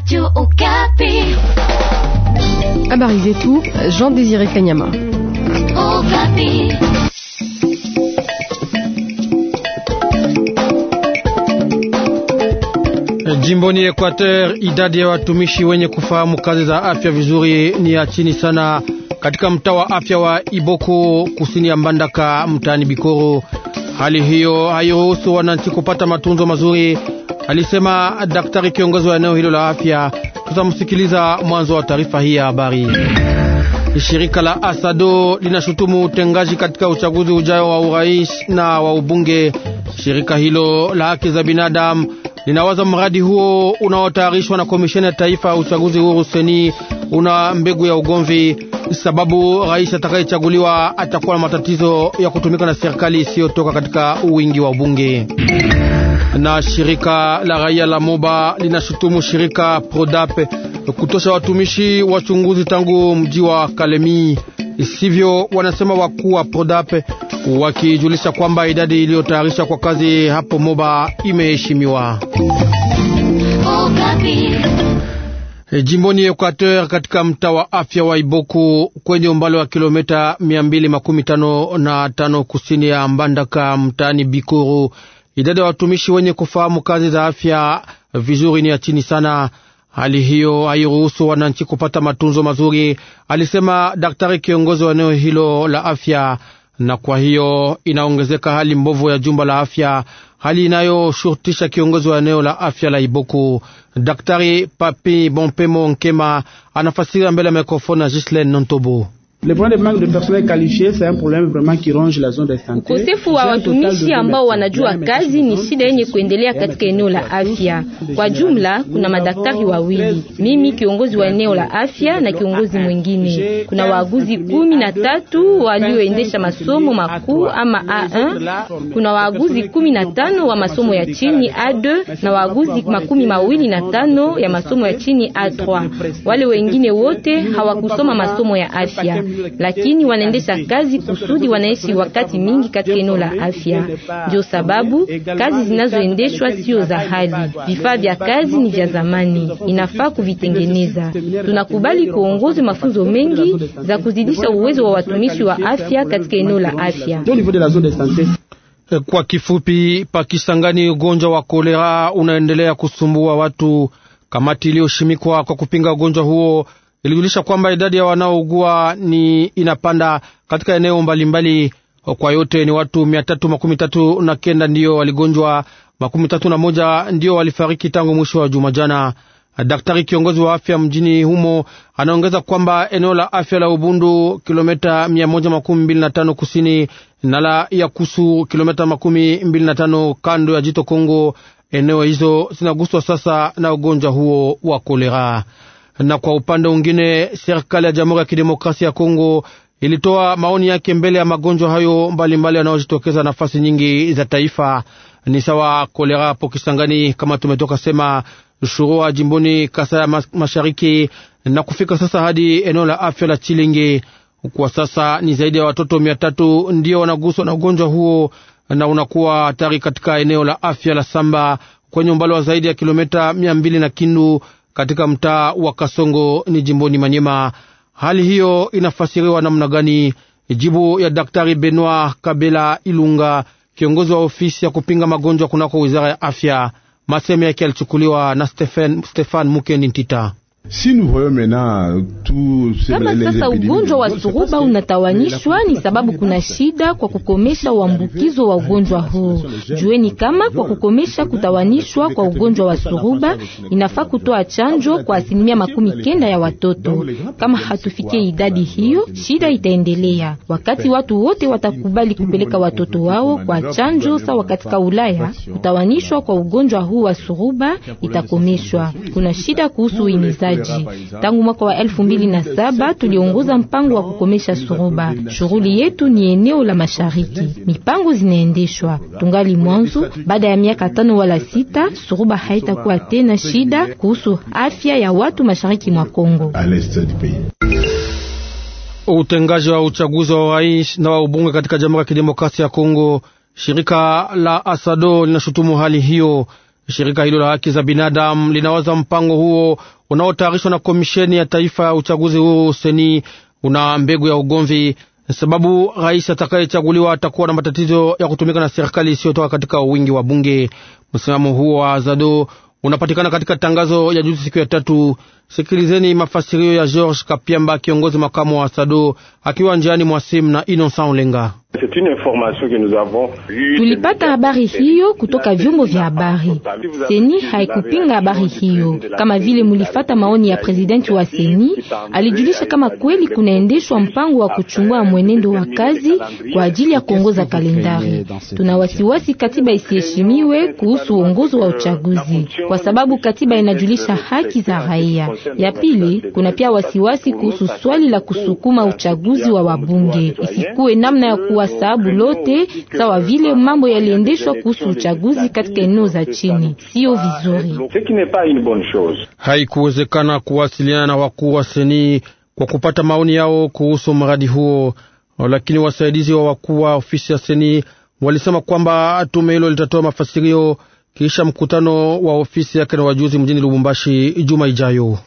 Radio Okapi. et tout, Jean Désiré Kanyama. Okapi. Jimboni Equateur, idadi ya watumishi wenye kufahamu kazi za afya vizuri ni ya chini sana katika mtaa wa afya wa Iboko kusini ya Mbandaka mtaani Bikoro. Hali hiyo hairuhusu wananchi kupata matunzo mazuri alisema daktari kiongozi wa eneo hilo la afya. Tutamsikiliza mwanzo wa taarifa hii ya habari. Shirika la Asado linashutumu utengaji katika uchaguzi ujao wa urais na wa ubunge. Shirika hilo la haki za binadamu linawaza mradi huo unaotayarishwa na komisheni ya taifa ya uchaguzi huru seni una mbegu ya ugomvi, sababu rais atakayechaguliwa atakuwa na matatizo ya kutumika na serikali isiyotoka katika wingi wa bunge na shirika la raia la Moba linashutumu shirika Prodap kutosha watumishi wachunguzi tangu mji wa Kalemi. Isivyo, wanasema wakuu wa Prodap, wakijulisha kwamba idadi iliyotayarishwa kwa kazi hapo Moba imeheshimiwa. Jimboni Equateur katika mtaa wa afya wa Iboku kwenye umbali wa kilomita mia mbili makumi tano na tano kusini ya Mbandaka mtaani Bikuru idadi ya watumishi wenye kufahamu kazi za afya vizuri ni ya chini sana. Hali hiyo hairuhusu wananchi kupata matunzo mazuri, alisema daktari kiongozi wa eneo hilo la afya, na kwa hiyo inaongezeka hali mbovu ya jumba la afya, hali inayoshurutisha kiongozi wa eneo la afya la Ibuku, Daktari Papi Bompemo Nkema anafasiria mbele ya mikrofoni ya Gislen Nontobo. Le problème de manque de personnel qualifié c'est un problème vraiment qui ronge la zone de santé. Ukosefu wa watumishi ambao wanajua kazi ni shida yenye kuendelea katika eneo la afya. Kwa jumla kuna madaktari wawili, mimi kiongozi wa eneo la afya na kiongozi mwingine. Kuna waaguzi kumi na tatu walioendesha masomo makuu ama A1. Kuna waaguzi kumi na tano wa masomo ya chini A2 na waaguzi makumi mawili na tano ya masomo ya chini A3. Wale wengine wote hawakusoma masomo ya afya lakini wanaendesha kazi kusudi wanaishi wakati mingi katika eneo la afya. Ndio sababu kazi zinazoendeshwa sio za hali, vifaa vya kazi ni vya zamani, inafaa kuvitengeneza. Tunakubali kuongoza mafunzo mengi za kuzidisha uwezo wa watumishi wa afya katika eneo la afya. Kwa kifupi, pakisangani ugonjwa wa kolera unaendelea kusumbua watu. Kamati iliyoshimikwa kwa kupinga ugonjwa huo ilijulisha kwamba idadi ya wanaougua ni inapanda katika eneo mbalimbali mbali. Kwa yote ni watu mia tatu makumi tatu na kenda ndiyo waligonjwa, makumi tatu na moja ndiyo walifariki tangu mwisho wa juma jana. Daktari kiongozi wa afya mjini humo anaongeza kwamba eneo la afya la Ubundu kilometa mia moja makumi mbili na tano kusini na la Yakusu kilometa makumi mbili na tano kando ya jito Kongo, eneo hizo zinaguswa sasa na ugonjwa huo wa kolera. Na kwa upande mwingine, serikali ya Jamhuri ya Kidemokrasia ya Kongo ilitoa maoni yake mbele ya magonjwa hayo mbalimbali yanayojitokeza nafasi nyingi za taifa, ni sawa kolera hapo Kisangani, kama tumetoka sema, shurua jimboni Kasai ya Mashariki na kufika sasa hadi eneo la afya la Chilingi. Kwa sasa ni zaidi ya watoto mia tatu ndio wanaguswa na ugonjwa huo na unakuwa hatari katika eneo la afya la Samba kwenye umbali wa zaidi ya kilomita mia mbili na Kindu katika mtaa wa Kasongo ni jimboni Manyema. Hali hiyo inafasiriwa namna gani? Jibu ya Daktari Benoit Kabela Ilunga, kiongozi wa ofisi ya kupinga magonjwa kunako wizara ya afya. Maseme yake yalichukuliwa na Stefan Mukendi Ntita. Si nous voyons maintenant euh, kama sasa ugonjwa wa suruba unatawanishwa, ni sababu kuna shida kwa kukomesha uambukizo wa ugonjwa huu. Jueni kama kwa kukomesha kutawanishwa kwa ugonjwa wa suruba inafaa kutoa chanjo kwa asilimia makumi kenda ya watoto. Kama hatufikie idadi hiyo, shida itaendelea. Wakati watu wote watakubali kupeleka watoto wao kwa chanjo, sawa katika Ulaya, kutawanishwa kwa ugonjwa huu wa suruba itakomeshwa. Kuna shida kuhusu uimizaji ufugaji. Tangu mwaka wa elfu mbili na saba tuliongoza mpango wa kukomesha suruba. Shughuli yetu ni eneo la mashariki, mipango zinaendeshwa tungali mwanzo. Baada ya miaka tano wala sita, suruba haitakuwa tena shida kuhusu afya ya watu mashariki mwa Kongo. Utengaji wa uchaguzi wa urais na wa ubunge katika Jamhuri ya Kidemokrasia ya Kongo, shirika la Asado linashutumu hali hiyo. Shirika hilo la haki za binadamu linawaza mpango huo unaotayarishwa na komisheni ya taifa ya uchaguzi huu seni una mbegu ya ugomvi, sababu rais atakayechaguliwa atakuwa na matatizo ya kutumika na serikali isiyotoka katika wingi wa bunge. Msimamo huo wa Azado unapatikana katika tangazo ya juzi siku ya tatu Sikilizeni mafasirio ya George Kapiamba, kiongozi makamu wa SADO akiwa njiani mwa simu na Innocent Olenga. Tulipata habari hiyo kutoka vyombo vya habari. Seni haikupinga habari hiyo, kama vile mulifata maoni ya presidenti wa Seni, alijulisha kama kweli kunaendeshwa mpango wa kuchungua mwenendo wa kazi kwa ajili ya kuongoza kalendari. Tuna wasiwasi katiba isiheshimiwe kuhusu uongozo wa uchaguzi, kwa sababu katiba inajulisha haki za raia. Ya pili, kuna pia wasiwasi kuhusu swali la kusukuma uchaguzi wa wabunge isikuwe namna ya kuwa sababu lote sawa vile mambo yaliendeshwa kuhusu uchaguzi katika eneo za chini, sio vizuri. Haikuwezekana kuwasiliana na wakuu wa seni kwa kupata maoni yao kuhusu mradi huo, lakini wasaidizi wa wakuu wa ofisi ya seni walisema kwamba tume hilo litatoa mafasirio kisha mkutano wa ofisi yake na wajuzi mjini Lubumbashi juma ijayo.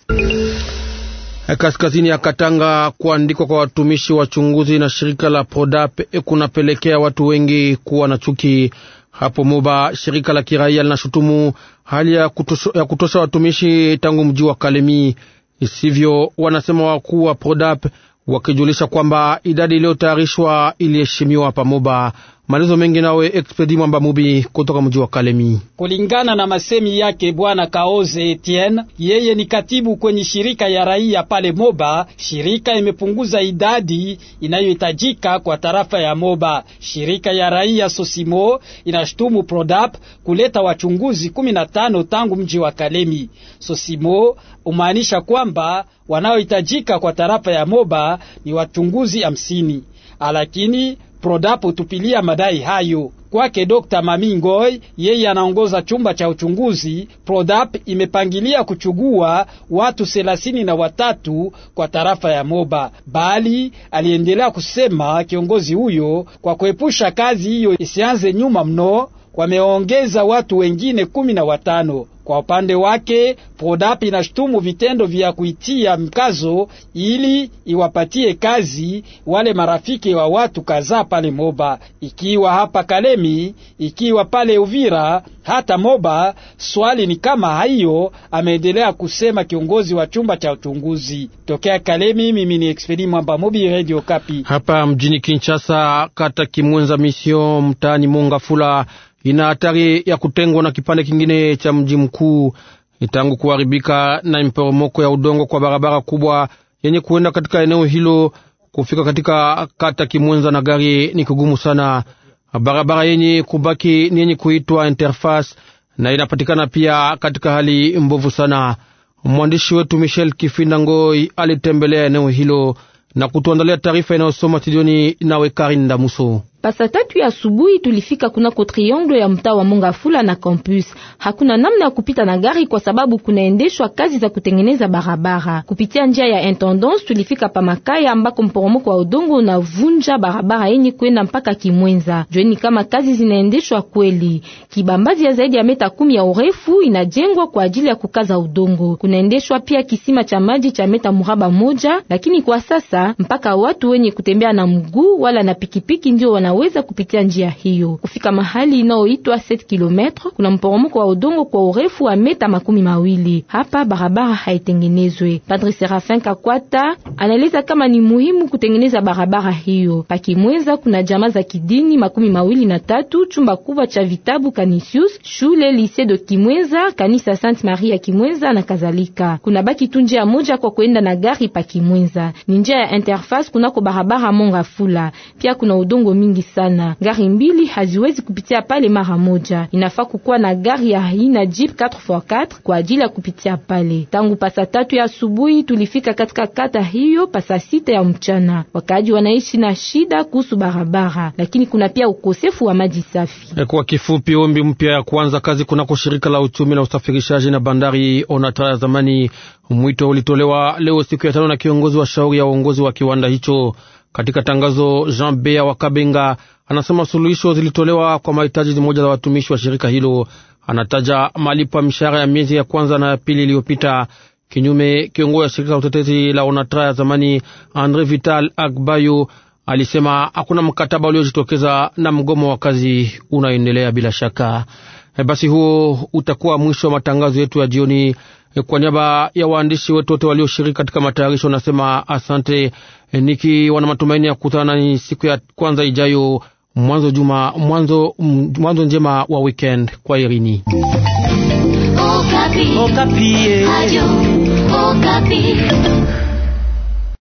Kaskazini ya Katanga, kuandikwa kwa watumishi wachunguzi na shirika la Prodap eh, kunapelekea watu wengi kuwa na chuki. Hapo Moba, shirika la kiraia linashutumu hali ya kutosha, ya kutosha watumishi tangu mji wa Kalemi. Isivyo, wanasema wakuu wa Prodap wakijulisha kwamba idadi iliyotayarishwa iliheshimiwa pamoba. Malizo mengi nawe Expedi Mwamba Mubi kutoka mji wa Kalemi. Kulingana na masemi yake bwana Kaoze Etienne, yeye ni katibu kwenye shirika ya raia pale Moba. Shirika imepunguza idadi inayohitajika kwa tarafa ya Moba. Shirika ya raia Sosimo inashtumu Prodap kuleta wachunguzi 15 tangu mji wa Kalemi. Sosimo umaanisha kwamba wanaohitajika kwa tarafa ya Moba ni wachunguzi hamsini, lakini Prodapo tupilia madai hayo kwake Dr. mamingoy yeye anaongoza chumba cha uchunguzi. Prodap imepangilia kuchugua watu thelathini na watatu kwa tarafa ya Moba, bali aliendelea kusema kiongozi huyo, kwa kuepusha kazi hiyo isianze nyuma mno, wameongeza watu wengine kumi na watano. Kwa upande wake Prodap inashutumu vitendo vya kuitia mkazo ili iwapatie kazi wale marafiki wa watu kadhaa pale Moba, ikiwa hapa Kalemi, ikiwa pale Uvira, hata Moba. Swali ni kama hayo, ameendelea kusema kiongozi wa chumba cha uchunguzi tokea Kalemi. Mimi ni Expedi Mwamba, Mobi Radio Kapi hapa mjini Kinshasa, kata Kimwenza Mission, mtaani Mongafula ina hatari ya kutengwa na kipande kingine cha mji mkuu tangu kuharibika na mporomoko ya udongo kwa barabara kubwa yenye kuenda katika eneo hilo. Kufika katika kata Kimwenza na gari ni kugumu sana. Barabara yenye kubaki ni yenye kuitwa Interface na inapatikana pia katika hali mbovu sana. Mwandishi wetu Michel Kifinda Ngoi alitembelea eneo hilo na kutuandalia taarifa inayosoma studioni nawe Karinda Muso. Pasa tatu ya asubuhi tulifika kunako triangle ya mtaa wa Mongafula na campus. Hakuna namna ya kupita na gari kwa sababu kunaendeshwa kazi za kutengeneza barabara. Kupitia njia ya intendance tulifika pa Makaya ambako mporomoko wa udongo unavunja barabara yenye kwenda mpaka Kimwenza. Jueni kama kazi zinaendeshwa kweli. Kibambazi ya zaidi ya meta kumi ya urefu inajengwa kwa ajili ya kukaza udongo. Kunaendeshwa pia kisima cha maji cha meta mraba moja, lakini kwa sasa mpaka watu wenye kutembea na mguu wala na pikipiki ndio wana wanaweza kupitia njia hiyo kufika mahali inaoitwa 7 km. Kuna mporomoko wa udongo kwa urefu wa meta makumi mawili. Hapa barabara haitengenezwe. Padri Serafin Kakwata anaeleza kama ni muhimu kutengeneza barabara hiyo. Pakimweza kuna jama za kidini makumi mawili na tatu, chumba kubwa cha vitabu Canisius, shule Lycée de Kimweza, kanisa Sainte Maria Kimweza na kadhalika. Kuna baki tu njia moja kwa kuenda na gari pa Kimwenza, ni njia ya interface kunako barabara Mongafula. Pia kuna udongo mingi sana. Gari mbili haziwezi kupitia pale mara moja, inafaa kukuwa na gari ya aina jeep 4x4 kwa ajili ya kupitia pale. Tangu pasa tatu ya asubuhi tulifika katika kata hiyo pasa sita ya mchana. Wakaaji wanaishi na shida kuhusu barabara, lakini kuna pia ukosefu wa maji safi. Eh, kwa kifupi, ombi mpya ya kwanza kazi kunako shirika la uchumi na usafirishaji na bandari ONATRA ya zamani, mwito ulitolewa leo siku ya tano na kiongozi wa shauri ya uongozi wa kiwanda hicho. Katika tangazo, Jean Bea wa Kabenga anasema suluhisho zilitolewa kwa mahitaji moja za watumishi wa shirika hilo. Anataja malipo ya mishahara ya miezi ya kwanza na ya pili iliyopita. Kinyume, kiongozi wa shirika la utetezi la Onatra ya zamani Andre Vital Agbayo alisema hakuna mkataba uliojitokeza na mgomo wa kazi unaendelea bila shaka. Eh, basi huo utakuwa mwisho wa matangazo yetu ya jioni. Kwa niaba ya waandishi wetu wote walioshiriki katika matayarisho, nasema asante, niki wana matumaini ya kukutana nani siku ya kwanza ijayo. Mwanzo juma mwanzo, mwanzo njema wa weekend kwa irini Okapi. Okapi.